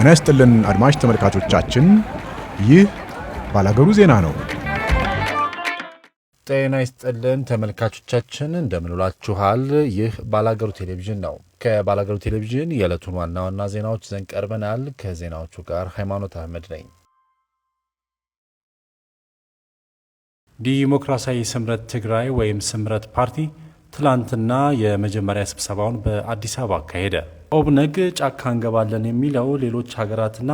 ጤና ይስጥልን አድማጭ ተመልካቾቻችን፣ ይህ ባላገሩ ዜና ነው። ጤና ይስጥልን ተመልካቾቻችን፣ እንደምንውላችኋል። ይህ ባላገሩ ቴሌቪዥን ነው። ከባላገሩ ቴሌቪዥን የዕለቱን ዋና ዋና ዜናዎች ይዘን ቀርበናል። ከዜናዎቹ ጋር ሃይማኖት አህመድ ነኝ። ዲሞክራሲያዊ ስምረት ትግራይ ወይም ስምረት ፓርቲ ትላንትና የመጀመሪያ ስብሰባውን በአዲስ አበባ አካሄደ። ኦብነግ ጫካ እንገባለን የሚለው ሌሎች ሀገራትና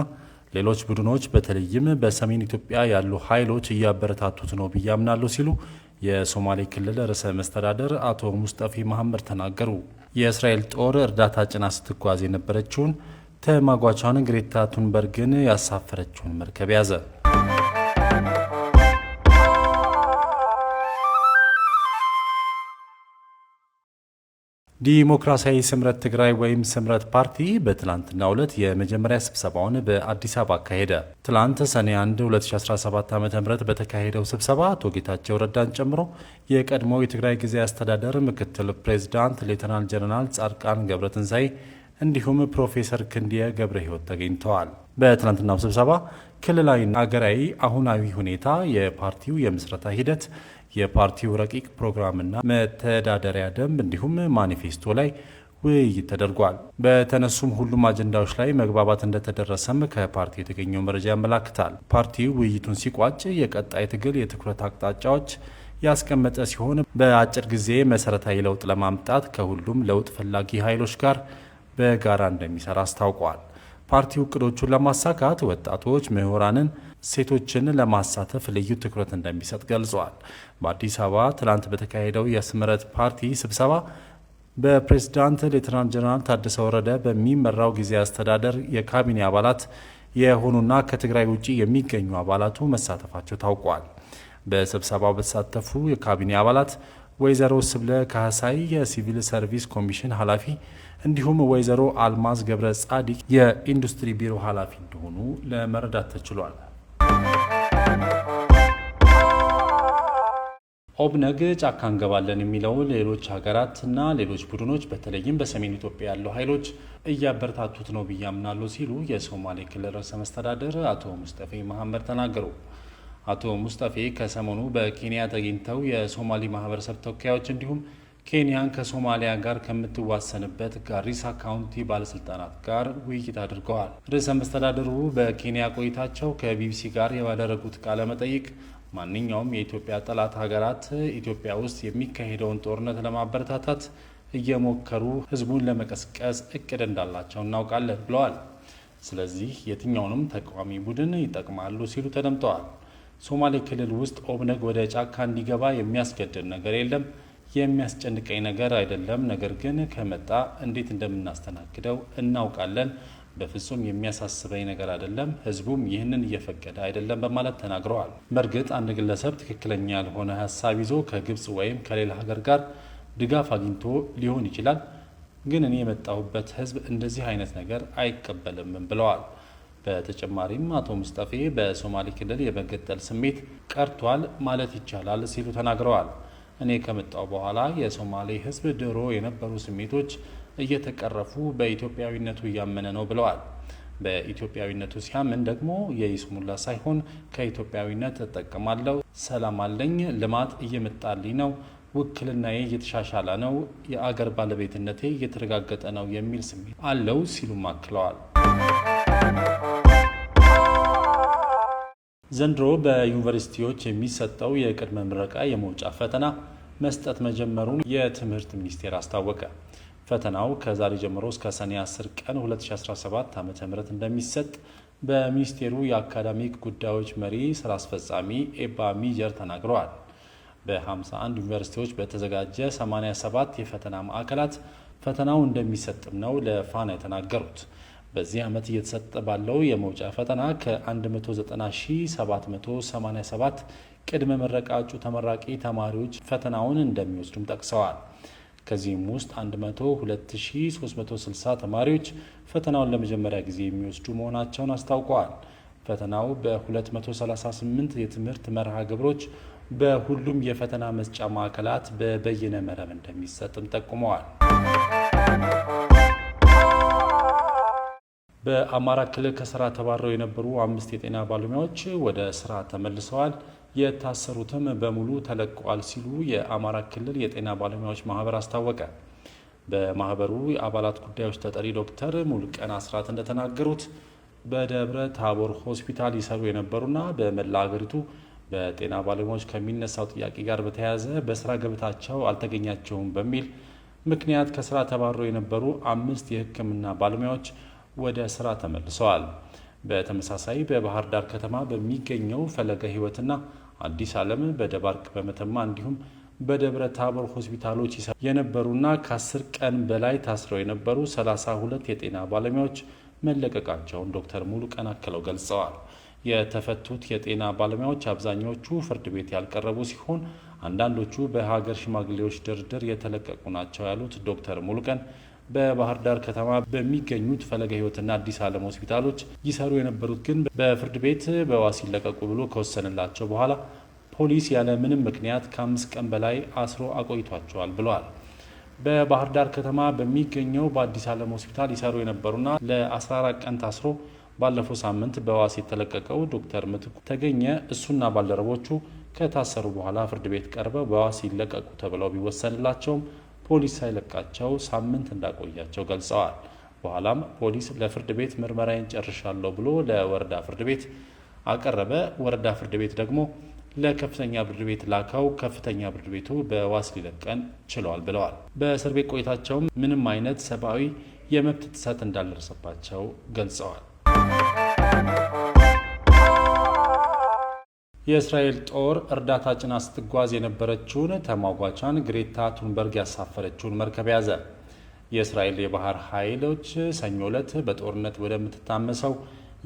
ሌሎች ቡድኖች በተለይም በሰሜን ኢትዮጵያ ያሉ ኃይሎች እያበረታቱት ነው ብዬ አምናለሁ ሲሉ የሶማሌ ክልል ርዕሰ መስተዳደር አቶ ሙስጠፊ መሐመድ ተናገሩ። የእስራኤል ጦር እርዳታ ጭና ስትጓዝ የነበረችውን ተማጓቿን ግሬታ ቱንበርግን ያሳፈረችውን መርከብ ያዘ። ዲሞክራሲያዊ ስምረት ትግራይ ወይም ስምረት ፓርቲ በትላንትናው ዕለት የመጀመሪያ ስብሰባውን በአዲስ አበባ አካሄደ። ትላንት ሰኔ 1 2017 ዓ ም በተካሄደው ስብሰባ አቶ ጌታቸው ረዳን ጨምሮ የቀድሞው የትግራይ ጊዜ አስተዳደር ምክትል ፕሬዚዳንት ሌተናል ጀነራል ጻድቃን ገብረትንሳኤ እንዲሁም ፕሮፌሰር ክንዲየ ገብረ ሕይወት ተገኝተዋል። በትላንትናው ስብሰባ ክልላዊና አገራዊ አሁናዊ ሁኔታ፣ የፓርቲው የምስረታ ሂደት፣ የፓርቲው ረቂቅ ፕሮግራምና መተዳደሪያ ደንብ እንዲሁም ማኒፌስቶ ላይ ውይይት ተደርጓል። በተነሱም ሁሉም አጀንዳዎች ላይ መግባባት እንደተደረሰም ከፓርቲው የተገኘው መረጃ ያመላክታል። ፓርቲው ውይይቱን ሲቋጭ የቀጣይ ትግል የትኩረት አቅጣጫዎች ያስቀመጠ ሲሆን በአጭር ጊዜ መሰረታዊ ለውጥ ለማምጣት ከሁሉም ለውጥ ፈላጊ ኃይሎች ጋር በጋራ እንደሚሰራ አስታውቋል። ፓርቲው እቅዶቹን ለማሳካት ወጣቶች፣ ምሁራንን፣ ሴቶችን ለማሳተፍ ልዩ ትኩረት እንደሚሰጥ ገልጸዋል። በአዲስ አበባ ትናንት በተካሄደው የስምረት ፓርቲ ስብሰባ በፕሬዝዳንት ሌትናንት ጀነራል ታደሰ ወረደ በሚመራው ጊዜ አስተዳደር የካቢኔ አባላት የሆኑና ከትግራይ ውጭ የሚገኙ አባላቱ መሳተፋቸው ታውቋል። በስብሰባው በተሳተፉ የካቢኔ አባላት ወይዘሮ ስብለ ካህሳይ የሲቪል ሰርቪስ ኮሚሽን ኃላፊ እንዲሁም ወይዘሮ አልማዝ ገብረ ጻዲቅ የኢንዱስትሪ ቢሮ ኃላፊ እንደሆኑ ለመረዳት ተችሏል። ኦብነግ ጫካ እንገባለን የሚለው ሌሎች ሀገራትና ሌሎች ቡድኖች በተለይም በሰሜን ኢትዮጵያ ያሉ ኃይሎች እያበረታቱት ነው ብዬ አምናለሁ ሲሉ የሶማሌ ክልል ርዕሰ መስተዳደር አቶ ሙስጠፌ መሐመድ ተናገሩ። አቶ ሙስጠፌ ከሰሞኑ በኬንያ ተገኝተው የሶማሌ ማህበረሰብ ተወካዮች እንዲሁም ኬንያን ከሶማሊያ ጋር ከምትዋሰንበት ጋሪሳ ካውንቲ ባለስልጣናት ጋር ውይይት አድርገዋል። ርዕሰ መስተዳድሩ በኬንያ ቆይታቸው ከቢቢሲ ጋር ያደረጉት ቃለ መጠይቅ ማንኛውም የኢትዮጵያ ጠላት ሀገራት ኢትዮጵያ ውስጥ የሚካሄደውን ጦርነት ለማበረታታት እየሞከሩ ህዝቡን ለመቀስቀስ እቅድ እንዳላቸው እናውቃለን ብለዋል። ስለዚህ የትኛውንም ተቃዋሚ ቡድን ይጠቅማሉ ሲሉ ተደምጠዋል። ሶማሌ ክልል ውስጥ ኦብነግ ወደ ጫካ እንዲገባ የሚያስገድድ ነገር የለም፣ የሚያስጨንቀኝ ነገር አይደለም። ነገር ግን ከመጣ እንዴት እንደምናስተናግደው እናውቃለን። በፍጹም የሚያሳስበኝ ነገር አይደለም። ህዝቡም ይህንን እየፈቀደ አይደለም በማለት ተናግረዋል። በእርግጥ አንድ ግለሰብ ትክክለኛ ያልሆነ ሀሳብ ይዞ ከግብፅ ወይም ከሌላ ሀገር ጋር ድጋፍ አግኝቶ ሊሆን ይችላል። ግን እኔ የመጣሁበት ህዝብ እንደዚህ አይነት ነገር አይቀበልም ብለዋል። በተጨማሪም አቶ ሙስጠፌ በሶማሌ ክልል የመገንጠል ስሜት ቀርቷል ማለት ይቻላል ሲሉ ተናግረዋል። እኔ ከመጣው በኋላ የሶማሌ ሕዝብ ድሮ የነበሩ ስሜቶች እየተቀረፉ በኢትዮጵያዊነቱ እያመነ ነው ብለዋል። በኢትዮጵያዊነቱ ሲያምን ደግሞ የይስሙላ ሳይሆን ከኢትዮጵያዊነት እጠቀማለሁ፣ ሰላም አለኝ፣ ልማት እየመጣልኝ ነው፣ ውክልናዬ እየተሻሻለ ነው፣ የአገር ባለቤትነቴ እየተረጋገጠ ነው የሚል ስሜት አለው ሲሉም አክለዋል። ዘንድሮ በዩኒቨርሲቲዎች የሚሰጠው የቅድመ ምረቃ የመውጫ ፈተና መስጠት መጀመሩን የትምህርት ሚኒስቴር አስታወቀ። ፈተናው ከዛሬ ጀምሮ እስከ ሰኔ 10 ቀን 2017 ዓ ም እንደሚሰጥ በሚኒስቴሩ የአካዳሚክ ጉዳዮች መሪ ስራ አስፈጻሚ ኤባ ሚጀር ተናግረዋል። በ51 ዩኒቨርሲቲዎች በተዘጋጀ 87 የፈተና ማዕከላት ፈተናው እንደሚሰጥም ነው ለፋና የተናገሩት። በዚህ ዓመት እየተሰጠ ባለው የመውጫ ፈተና ከ190787 ቅድመ ምረቃ እጩ ተመራቂ ተማሪዎች ፈተናውን እንደሚወስዱም ጠቅሰዋል። ከዚህም ውስጥ 102360 ተማሪዎች ፈተናውን ለመጀመሪያ ጊዜ የሚወስዱ መሆናቸውን አስታውቀዋል። ፈተናው በ238 የትምህርት መርሃ ግብሮች በሁሉም የፈተና መስጫ ማዕከላት በበይነ መረብ እንደሚሰጥም ጠቁመዋል። በአማራ ክልል ከስራ ተባረው የነበሩ አምስት የጤና ባለሙያዎች ወደ ስራ ተመልሰዋል። የታሰሩትም በሙሉ ተለቀዋል ሲሉ የአማራ ክልል የጤና ባለሙያዎች ማህበር አስታወቀ። በማህበሩ የአባላት ጉዳዮች ተጠሪ ዶክተር ሙልቀን አስራት እንደተናገሩት በደብረ ታቦር ሆስፒታል ይሰሩ የነበሩና በመላ ሀገሪቱ በጤና ባለሙያዎች ከሚነሳው ጥያቄ ጋር በተያያዘ በስራ ገበታቸው አልተገኛቸውም በሚል ምክንያት ከስራ ተባረው የነበሩ አምስት የሕክምና ባለሙያዎች ወደ ስራ ተመልሰዋል። በተመሳሳይ በባህር ዳር ከተማ በሚገኘው ፈለገ ህይወትና አዲስ ዓለም በደባርቅ በመተማ እንዲሁም በደብረ ታቦር ሆስፒታሎች የነበሩና ከአስር ቀን በላይ ታስረው የነበሩ ሰላሳ ሁለት የጤና ባለሙያዎች መለቀቃቸውን ዶክተር ሙሉቀን አክለው ገልጸዋል። የተፈቱት የጤና ባለሙያዎች አብዛኛዎቹ ፍርድ ቤት ያልቀረቡ ሲሆን አንዳንዶቹ በሀገር ሽማግሌዎች ድርድር የተለቀቁ ናቸው ያሉት ዶክተር ሙሉቀን በባህር ዳር ከተማ በሚገኙት ፈለገ ህይወትና አዲስ ዓለም ሆስፒታሎች ይሰሩ የነበሩት ግን በፍርድ ቤት በዋስ ይለቀቁ ብሎ ከወሰንላቸው በኋላ ፖሊስ ያለ ምንም ምክንያት ከአምስት ቀን በላይ አስሮ አቆይቷቸዋል ብለዋል። በባህር ዳር ከተማ በሚገኘው በአዲስ ዓለም ሆስፒታል ይሰሩ የነበሩና ለ14 ቀን ታስሮ ባለፈው ሳምንት በዋስ የተለቀቀው ዶክተር ምትኩ ተገኘ እሱና ባልደረቦቹ ከታሰሩ በኋላ ፍርድ ቤት ቀርበው በዋስ ይለቀቁ ተብለው ቢወሰንላቸውም ፖሊስ ሳይለቃቸው ሳምንት እንዳቆያቸው ገልጸዋል። በኋላም ፖሊስ ለፍርድ ቤት ምርመራዬን ጨርሻለሁ ብሎ ለወረዳ ፍርድ ቤት አቀረበ። ወረዳ ፍርድ ቤት ደግሞ ለከፍተኛ ፍርድ ቤት ላከው። ከፍተኛ ፍርድ ቤቱ በዋስ ሊለቀን ችሏል ብለዋል። በእስር ቤት ቆይታቸውም ምንም አይነት ሰብአዊ የመብት ጥሰት እንዳልደረሰባቸው ገልጸዋል። የእስራኤል ጦር እርዳታ ጭና ስትጓዝ የነበረችውን ተሟጓቿን ግሬታ ቱንበርግ ያሳፈረችውን መርከብ ያዘ። የእስራኤል የባህር ኃይሎች ሰኞ ዕለት በጦርነት ወደምትታመሰው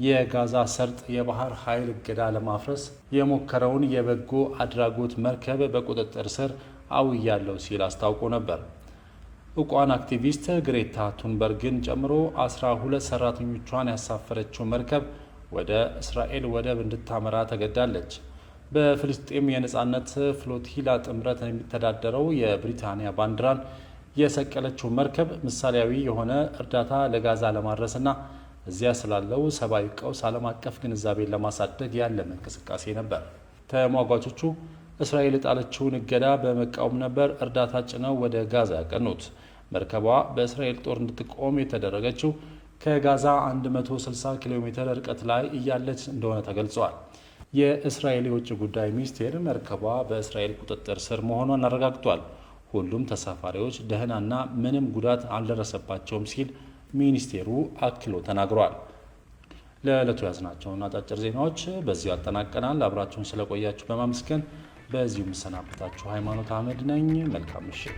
የጋዛ ሰርጥ የባህር ኃይል እገዳ ለማፍረስ የሞከረውን የበጎ አድራጎት መርከብ በቁጥጥር ስር አውያለሁ ሲል አስታውቆ ነበር። እቋን አክቲቪስት ግሬታ ቱንበርግን ጨምሮ አስራ ሁለት ሰራተኞቿን ያሳፈረችው መርከብ ወደ እስራኤል ወደብ እንድታመራ ተገዳለች። በፍልስጤም የነፃነት ፍሎቲላ ጥምረት የሚተዳደረው የብሪታንያ ባንዲራን የሰቀለችው መርከብ ምሳሌያዊ የሆነ እርዳታ ለጋዛ ለማድረስና እዚያ ስላለው ሰብአዊ ቀውስ ዓለም አቀፍ ግንዛቤን ለማሳደግ ያለመ እንቅስቃሴ ነበር። ተሟጓቾቹ እስራኤል የጣለችውን እገዳ በመቃወም ነበር እርዳታ ጭነው ወደ ጋዛ ያቀኑት። መርከቧ በእስራኤል ጦር እንድትቆም የተደረገችው ከጋዛ 160 ኪሎ ሜትር ርቀት ላይ እያለች እንደሆነ ተገልጿል። የእስራኤል የውጭ ጉዳይ ሚኒስቴር መርከቧ በእስራኤል ቁጥጥር ስር መሆኗን አረጋግጧል። ሁሉም ተሳፋሪዎች ደህናና ምንም ጉዳት አልደረሰባቸውም ሲል ሚኒስቴሩ አክሎ ተናግሯል። ለዕለቱ ያዝናቸውን አጫጭር ዜናዎች በዚሁ አጠናቀናል። አብራችሁን ስለቆያችሁ በማመስገን በዚሁ የምሰናበታችሁ ሃይማኖት አህመድ ነኝ። መልካም ምሽት።